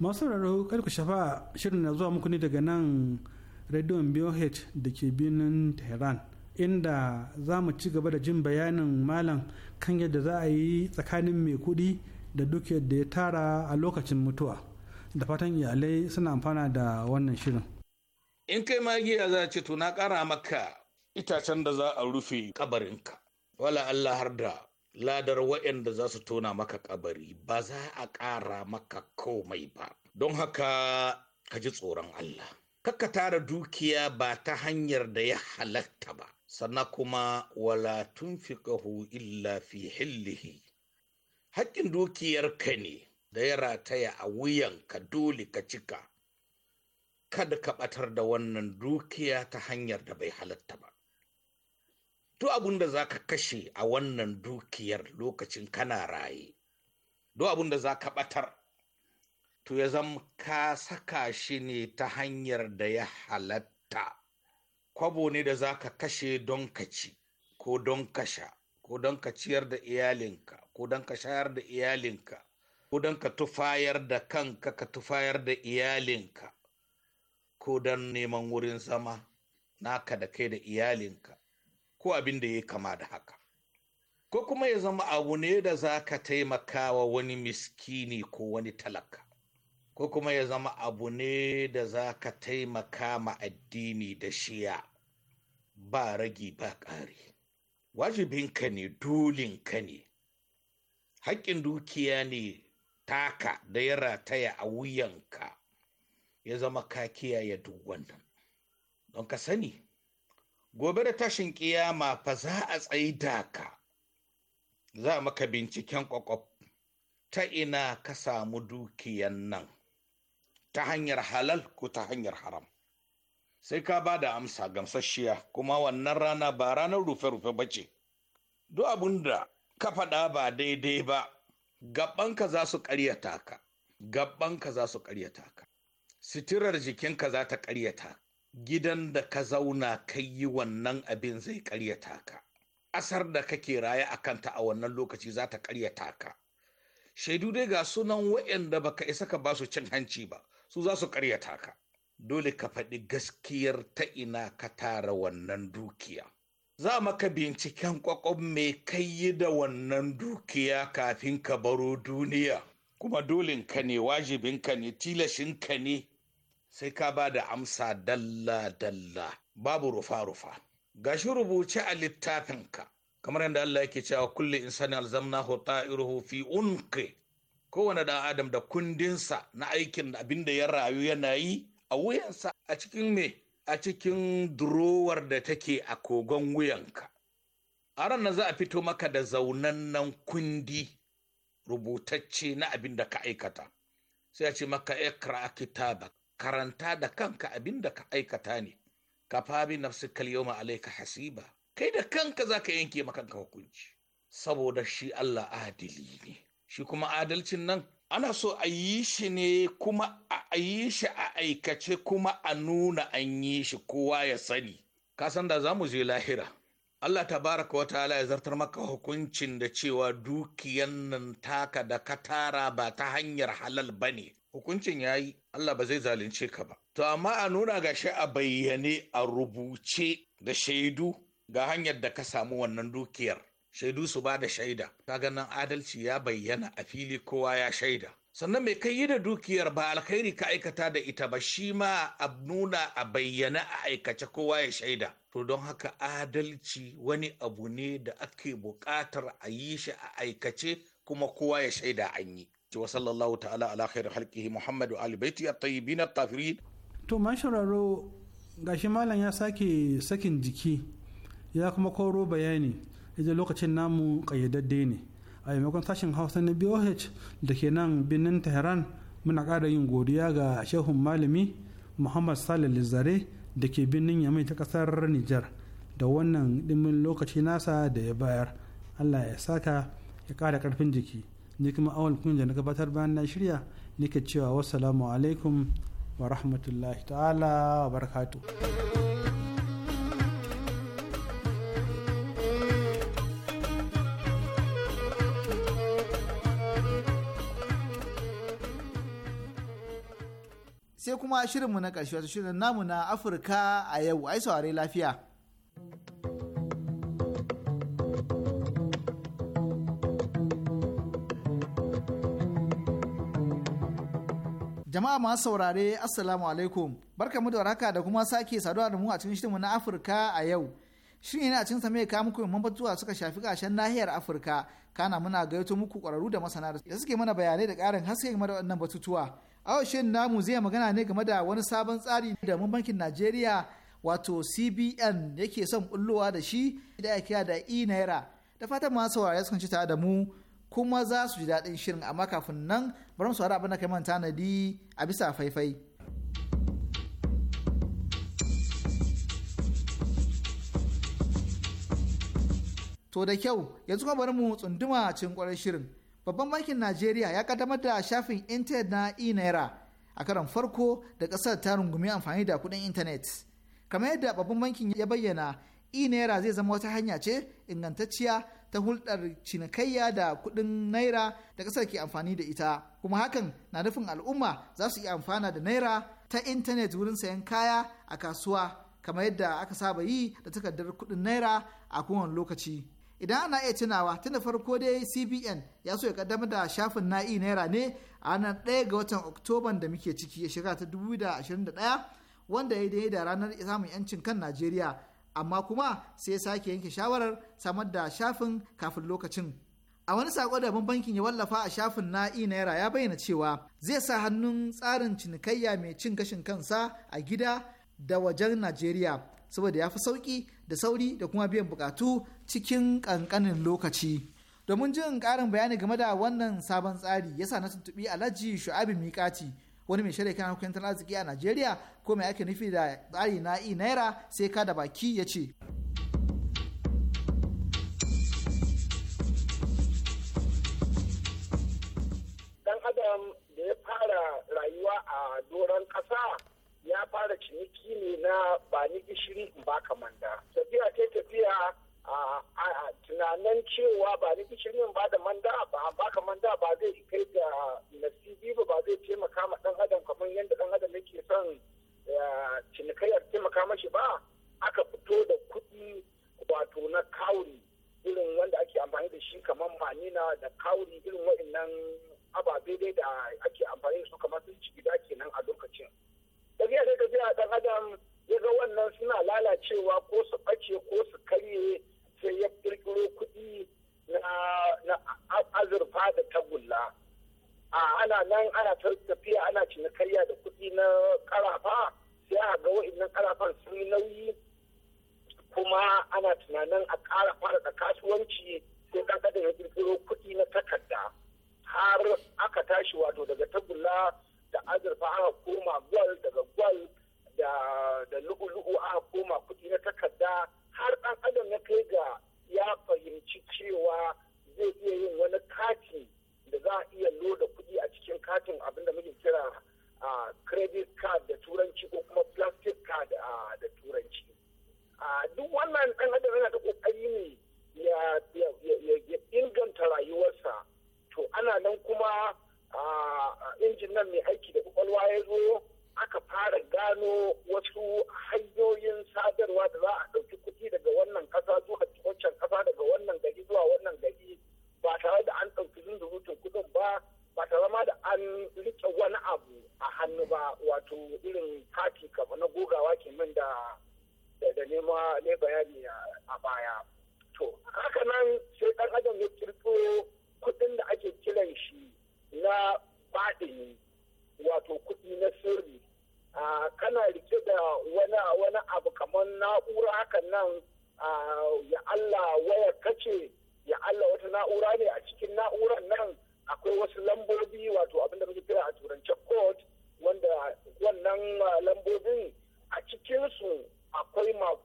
masu raro ku shafa shirin na zuwa muku ne daga nan rediyon bioh da ke birnin Tehran inda za mu ci gaba da jin bayanin malam kan yadda za a yi tsakanin mai kuɗi da duk yadda ya tara a lokacin mutuwa. da fatan iyalai suna amfana da wannan shirin in kai magiya za ce to na ƙara maka itacen da za a rufe kabarinka wala Allah har da ladar waɗanda za su tona maka kabari ba za a ƙara maka komai ba don haka ka ji tsoron Allah kakka tara dukiya ba ta hanyar da ya halatta ba sannan kuma wala fi illa fi hillihi haƙƙin dukiyarka ne da ya rataya a wuyan ka dole ka cika kada ka ɓatar da wannan dukiya ta hanyar da bai halatta ba To abun da za ka kashe a wannan dukiyar lokacin kana raye duk abun da za ka ɓatar to ya zama ka saka shi ne ta hanyar da ya halatta kwabo ne da za ka kashe don ka ci ko don ka sha ko don ka ciyar da iyalinka ko don ka shayar da iyalinka ko don ka tufayar da kanka ka tufayar da iyalinka ko don neman wurin zama naka da kai da iyalinka ko abin da ya kama da haka ko kuma ya zama abu ne da za ka taimaka wa wani miskini ko wani talaka ko kuma ya zama abu ne da za ka taimaka ma addini da shiya ba ragi ba ƙari wajibinka ne dolinka ne haƙƙin dukiya ne taka da ya rataya a wuyanka ya zama ka kiyaye duk wannan don ka sani gobe da tashin kiyama fa za a tsayi ka za maka binciken kwakwaf ta ina ka samu dukiyan nan ta hanyar halal ko ta hanyar haram sai ka ba da amsa gamsasshiya kuma wannan rana ba ranar rufe-rufe ba ce duk abin da ka faɗa ba daidai ba gabanka za su ƙaryata ka gabanka za su ƙaryata ka sitirar jikinka za ta ƙaryata gidan da ka zauna kai yi wannan abin zai ƙaryata ka ƙasar da kake raye a kanta a wannan lokaci za ta ƙaryata ka shaidu dai ga sunan waɗanda baka isa ka ba su cin hanci ba su za su ƙaryata ka dole ka faɗi gaskiyar ta ina ka tara wannan dukiya za maka binciken kwakwab me kai yi da wannan dukiya kafin ka baro duniya kuma dolin ka ne wajibin ka ne tilashin ka ne sai ka ba da amsa dalla-dalla babu rufa-rufa Ga shi rubuce a littafin ka kamar yadda Allah yake cewa kulli insani alzamnahu ta'iruhu fi unqi kowane dan adam da kundinsa na aikin abinda ya rayu yana yi a wuyansa a cikin me a cikin durowar da take a kogon wuyanka a ranar za a fito maka da zaunannan kundi rubutacce na abin da ka aikata sai a ce maka ikra kitaba karanta da kanka abin da ka aikata ne ka fabi nafsikal yawma alayka hasiba kai da kanka za ka yanke maka kanka hukunci saboda shi Allah adili ne shi kuma adalcin nan ana so a yi shi ne kuma a yi shi a aikace kuma a nuna an yi shi kowa ya sani kasan da za mu je lahira Allah ta baraka wa ta'ala ya zartar maka hukuncin da cewa dukiyan nan taka da ka tara ba ta hanyar halal ba ne hukuncin ya yi Allah ba zai zalunce ka ba to amma a nuna ga shi a bayyane a rubuce da shaidu ga hanyar da ka samu wannan dukiyar shaidu su ba da shaida ta ganin adalci ya bayyana a fili kowa ya shaida sannan mai kai yi da dukiyar ba alkhairi ka aikata da ita ba shi ma a nuna a bayyana a aikace kowa ya shaida to don haka adalci wani abu ne da ake buƙatar a yi shi a aikace kuma kowa ya shaida an yi wa sallallahu ta'ala ala khairu halkihi muhammadu ali baiti at-tayyibin at-tafirin to mashararo gashi malam ya sake sakin jiki ya kuma koro bayani idan lokacin namu kayyadadde ne a maimakon sashen hausa na boh da ke nan birnin tehran muna ƙara yin godiya ga shehun malami muhammad salil zare da ke birnin yamai ta ƙasar nijar da wannan dimin lokaci nasa da ya bayar allah ya saka ya ƙara karfin jiki ni kuma awal kunja na gabatar bayan na shirya nake cewa wassalamu alaikum wa rahmatullahi ta'ala wa barakatuh kuma shirinmu na ƙarshe wato shirin namu na Afirka a yau ai saurari lafiya. Jama'a masu saurare Assalamu alaikum mu da warhaka da kuma sake saduwa da mu a cikin shirinmu na Afirka a yau. Shirin yana cin same ka muku mun batuwa suka shafi kashen nahiyar Afirka kana muna gaito muku ƙwararru da masana da suke mana bayanai da ƙarin haske game da wannan batutuwa. a shirin namu zai magana ne game da wani sabon tsari da mun bankin najeriya wato cbn yake son bullowa da shi da ya kira da e naira da fatan masu saurare sun ci tare da mu kuma za su ji daɗin shirin amma kafin nan bari mu saurari abin da kai man tanadi a bisa faifai. To da kyau yanzu kuma bari mu tsunduma cikin kwarar shirin babban bankin najeriya ya kaddamar da shafin intanet na e-naira a karon farko da ƙasar ta rungumi amfani da kuɗin intanet kamar yadda babban bankin ya bayyana e-naira zai zama wata hanya ce ingantacciya ta hulɗar cinikayya da kuɗin naira da ƙasar ke amfani da ita kuma hakan na nufin al'umma za su iya amfana da naira ta intanet wurin sayan kaya a kasuwa kamar yadda aka saba yi da takardar kuɗin naira a kowane lokaci. idan ana iya tunawa tun da farko dai cbn ya so ya kaddamar da shafin na'i naira ne a ranar 1 ga watan oktoban da muke ciki shekara ta 2021 wanda ya yi da ranar samun yancin kan najeriya amma kuma sai sake yanke shawarar samar da shafin kafin lokacin a wani sako da bankin ya wallafa a shafin na'i naira ya bayyana cewa zai sa hannun tsarin cinikayya mai cin gashin kansa a gida da wajen najeriya saboda ya fi sauki da sauri da kuma biyan bukatu cikin ƙanƙanin lokaci. Domin jin ƙarin bayani game da wannan sabon tsari yasa na tuntuɓi Alhaji Shu'abi Mikati wani mai shirya kan hukuntar arziki a Najeriya ko mai ake nufi da tsari na i naira sai ka da baki ya ce. ɗan adam da ya fara rayuwa a doron ƙasa na fara ciniki ne na ba ni gishiri in baka manda tafiya ta tafiya a tunanin cewa ba ni gishirin ba da manda ba baka manda ba zai kai da nasibi ba ba zai taimaka ma dan adam kamar yadda dan adam yake son cinikayyar taimaka mashi ba aka fito da kuɗi wato na kauri irin wanda ake amfani da shi kamar manina da kawuni irin wa'annan ababe dai da ake amfani. cewa ko su ɓace ko su karye sai ya ƙirƙiro kuɗi na azurfa da tagulla a ana nan ana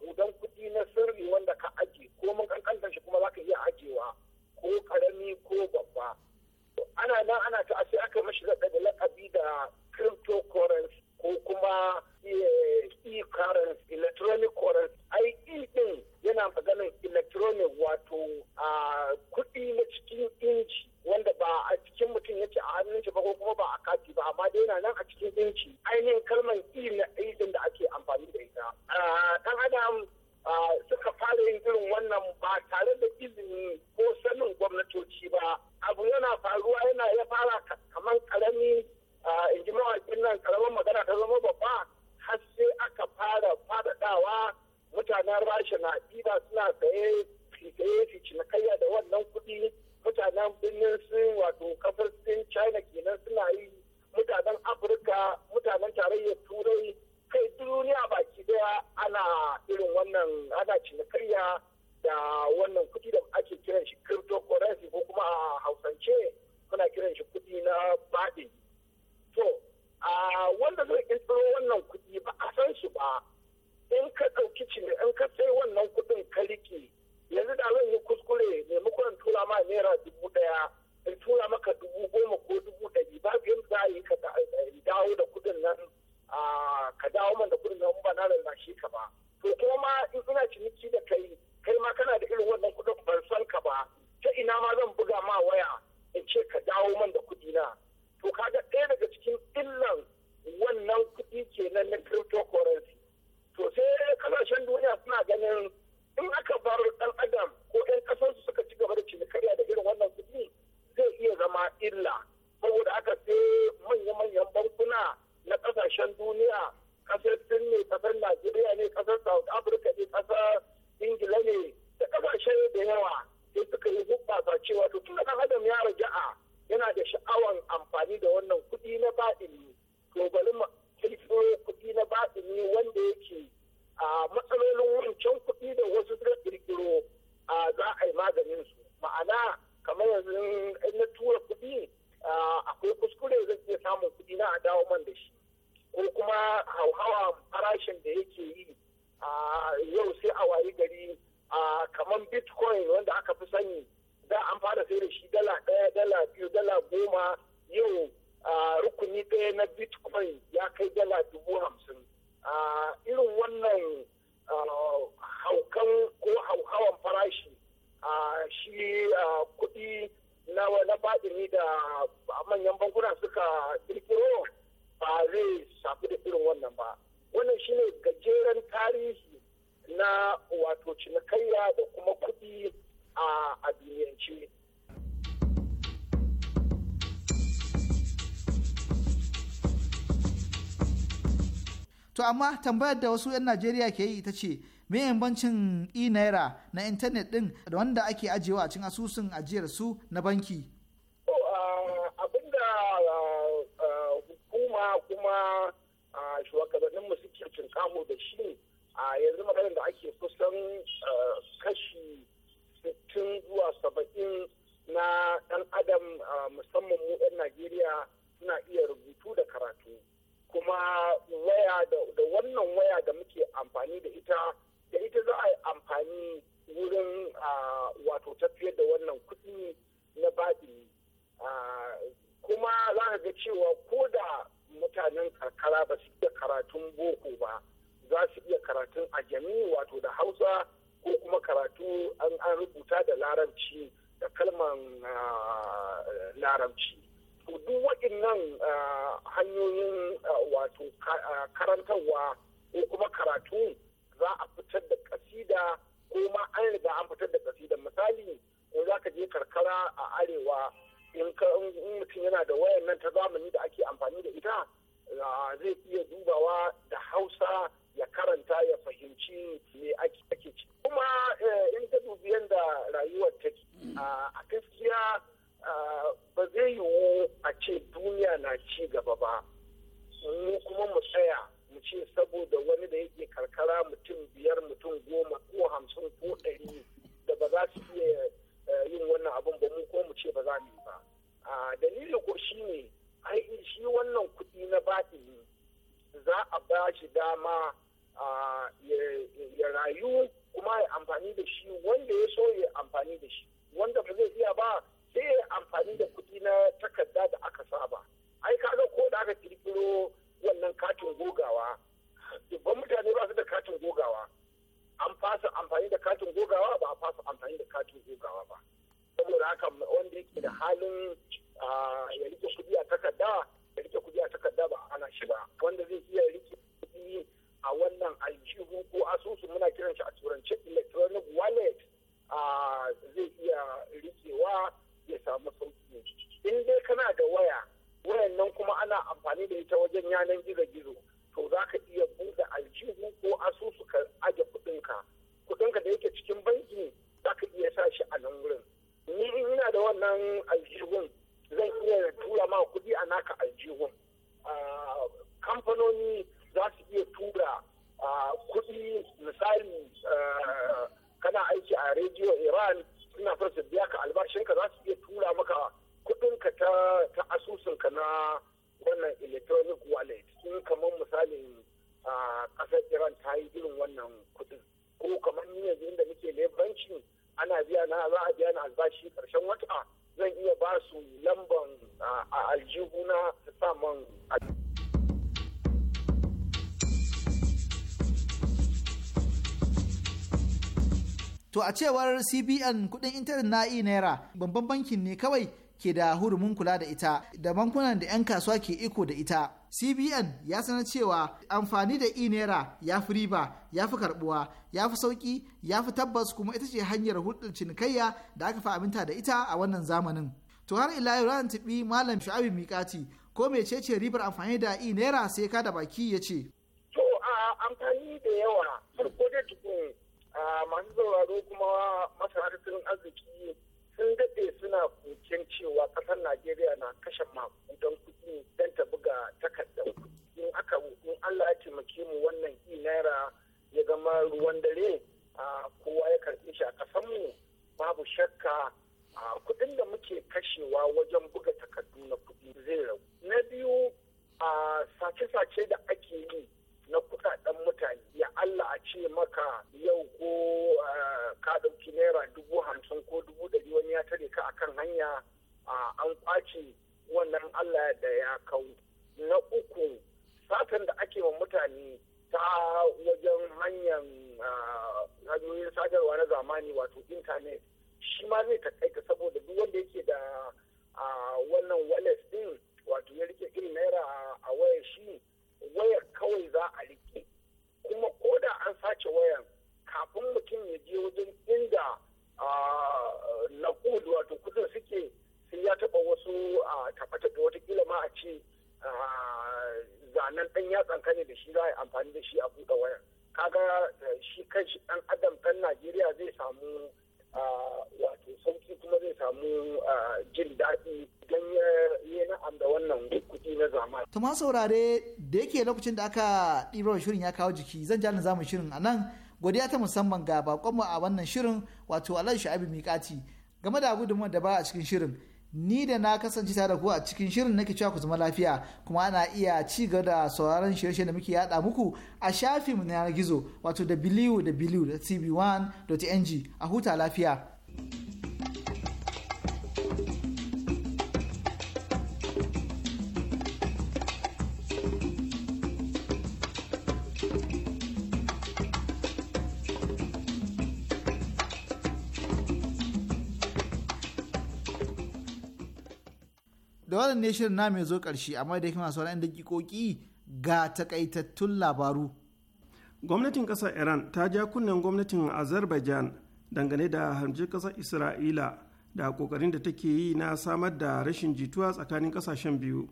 kudan kuɗi na sirri wanda ka aje ko mun kankantar shi kuma zaka iya ajewa ko karami ko babba ana nan ana ta sai aka mashi da lakabi da cryptocurrency ko kuma eh, e-currency electronic currency ai e din yana maganin electronic wato a ah, kuɗi na cikin inji wanda ba a cikin mutum ya ce a hannun shi ba ko kuma ba a kati ba amma dai yana nan a cikin inci ainihin kalmar i na idin da ake amfani da ita dan adam suka fara yin irin wannan ba tare da izini ko sanin gwamnatoci ba abu yana faruwa yana ya fara kamar karami in ji mawaƙin nan karamin magana ta zama babba har sai aka fara faɗaɗawa mutanen rasha na ɗiba suna saye fiye fiye cinikayya da wannan kuɗi mutanen birnin sun wato kafar sun china kenan suna yi mutanen afirka mutanen tarayyar turai kai duniya baki daya ana irin wannan ana cinikayya da wannan kuɗi da ake kiran shi cryptocurrency ko kuma a hausance muna kiran shi kuɗi na baɗi to a wanda zai kirkiro wannan kuɗi ba a san shi ba in ka ɗauki cini in ka sai wannan kuɗin ka riƙe yanzu da zan yi kuskure maimakon tura ma naira dubu daya in tura maka dubu goma ko dubu ɗari babu yadda za a yi ka dawo da kudin nan ka dawo man da kudin nan ba na lallashe ka ba to kuma ma in ina ciniki da kai kai ma kana da irin wannan kudin ban san ka ba ta ina ma zan buga ma waya in ce ka dawo man da kudi na to kaga ɗaya daga cikin illan wannan kudi kenan na cryptocurrency to sai kasashen duniya suna ganin in aka bar ɗan adam ko 'yan ƙasarsu suka ci gaba da cinikarya da irin wannan kuɗi zai iya zama illa saboda aka sai manya-manyan bankuna na ƙasashen duniya ƙasar sin ne ƙasar najeriya ne ƙasar south africa ne ƙasar ingila ne da ƙasashe da yawa sai suka yi hubbasa cewa to tun ɗan adam ya a yana da sha'awan amfani da wannan kuɗi na ne to bari mu kuɗi na ne wanda yake a matsalolin wancan kuɗi da wasu suka kirkiro a za a yi maganin su ma'ana kamar yanzu in na tura kuɗi akwai kuskure zan iya samun kuɗi na a dawo man da shi ko kuma hauhawa farashin da yake yi a yau sai a wayi gari a kamar bitcoin wanda aka fi sani za an fara sai da shi dala ɗaya dala biyu dala goma yau rukuni ɗaya na bitcoin ya kai dala dubu hamsin irin wannan haukan ko hauhawan farashi shi kuɗi na baɗini da manyan bankuna suka ƙirƙiro ba zai safi da irin wannan ba wannan shine gajeren tarihi na wato cinikayya da kuma kuɗi a duniyance. to amma tambayar da wasu 'yan najeriya ke yi ita ce me yambancin e naira na intanet ɗin da wanda ake ajiyewa a cikin asusun ajiyar su na banki abinda hukuma kuma shugabanninmu suke cinkamu da shi a yanzu maganar da ake kusan kashi 60 zuwa 70 na ɗan adam musamman mu 'yan najeriya suna iya rubutu da karatu kuma waya da wannan waya da muke amfani da ita yanar gizo gizo cewar cbn kudin intanet na e naira babban bankin ne kawai ke da hurumin kula da ita da bankunan da 'yan kasuwa ke iko da ita cbn ya sanar cewa amfani da e naira ya fi riba ya fi karbuwa ya fi sauki ya fi tabbas kuma ita ce hanyar hulɗar cinikayya da aka fi aminta da ita a wannan zamanin to har ila yau ran tabi malam shu'abi miƙati ko mai cece ribar amfani da e naira sai ka da baki ya ce to a amfani da yawa farko da tukun masu sauraro kuma masana arziki sun daɗe suna koken cewa ƙasar najeriya na kashe makudan kuɗi don ta buga takardar in aka in allah ya taimake mu wannan i naira ya zama ruwan dare a kowa ya karɓi shi a mu babu shakka a kuɗin da muke kashewa wajen buga takardu na kuɗi zai ragu na biyu sace-sace da ake yi na kuɗaɗen mutane ya allah a ce maka yau ɗauki naira dubu hamsin ko dubu ɗari wani ya tare ka akan hanya an ƙwace wannan allah da ya kau na uku satan da ake wa mutane ta wajen hanyar hanyoyin sadarwa na zamani wato intanet shi ma zai takaita saboda duk wanda yake da wannan wallet din wato ya rike irin naira a wayar shi wayar kawai za a rike kuma ko da an sace wayar. kafin mutum ya je wajen inda na kudu wato kudin suke sai ya taba wasu a taɓa wata kila ma a ce zanen ɗan yatsan kane da shi za a yi amfani da shi a buɗe wayar kaga shi kan shi ɗan adam ɗan najeriya zai samu wato sauki kuma zai samu jin daɗi don ya na'am da wannan kuɗi na zamani. Tuma saurare da yake lokacin da aka ɗibar shirin ya kawo jiki zan ja zamun shirin a nan godiya ta musamman ga bakonmu a wannan shirin wato alai sha'abi miƙati game da gudunmu da ba a cikin shirin ni da na kasance tare da ku a cikin shirin nake cewa ku zama lafiya kuma ana iya ci gaba da sauraron shirye da muke yada muku a shafinmu na yanar gizo wato www.tv1.ng a huta lafiya. labarin ne shirin na mai zo ƙarshe amma da kuma sauran dakikoki ga takaitattun labaru. Gwamnatin ƙasar Iran ta ja kunnen gwamnatin Azerbaijan dangane da harjin ƙasar Isra'ila da ƙoƙarin da take yi na samar da rashin jituwa tsakanin ƙasashen biyu.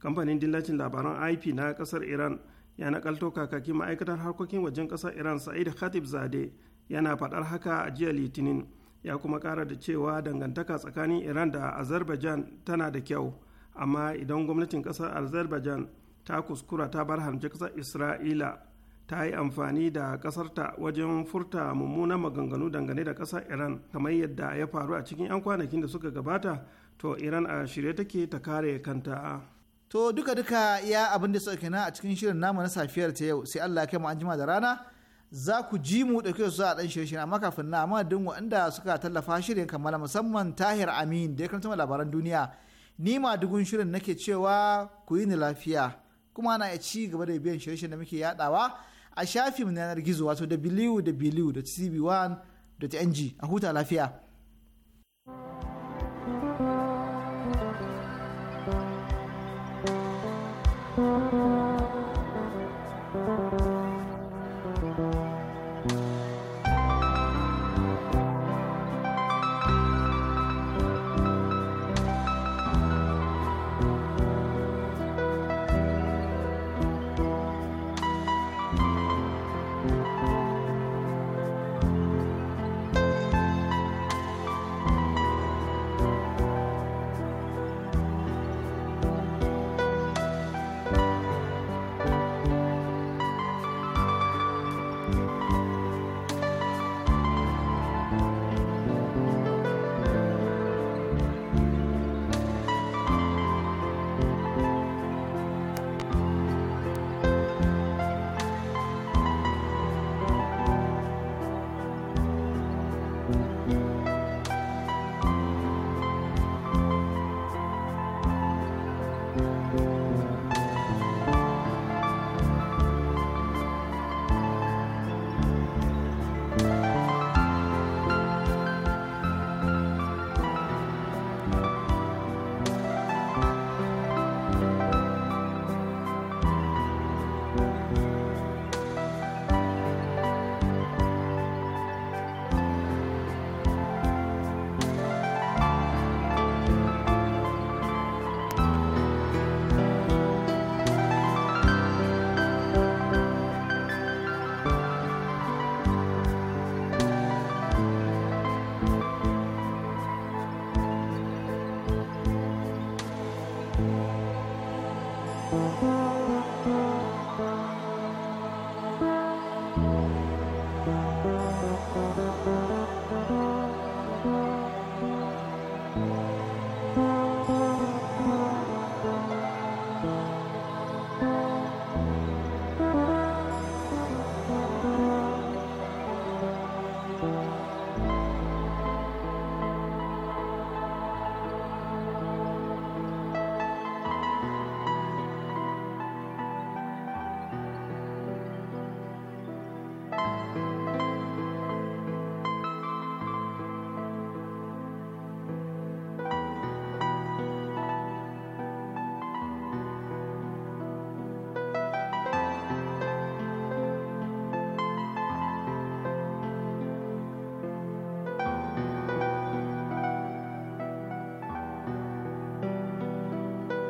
Kamfanin dillacin labaran IP na ƙasar Iran ya nakalto kakakin ma'aikatar harkokin wajen ƙasar Iran Sa'id Khatib Zade yana faɗar haka a jiya Litinin. ya kuma kara da cewa dangantaka tsakanin iran da azerbaijan tana da kyau amma idan gwamnatin kasar azerbaijan ta kuskura ta bar harmce kasar isra'ila ta yi amfani da kasarta wajen furta mummunan maganganu dangane da ƙasar iran kamar yadda ya faru a cikin 'yan kwanakin da suka gabata to iran a shirye take ta kare kanta to duka duka ya abin da suka kenan a cikin shirin namu na safiyar ta yau sai allah kai mu an jima da rana za ku ji mu dauke su a dan shirin amma kafin na amma duk waɗanda suka tallafa shirin kammala musamman tahir amin da ya labaran duniya ni ma dugun shirin nake cewa ku yi ni lafiya kuma ana ci gaba da biyan shirye da muke yadawa a shafin yanar gizo wato www.tv1.ng a huta lafiya.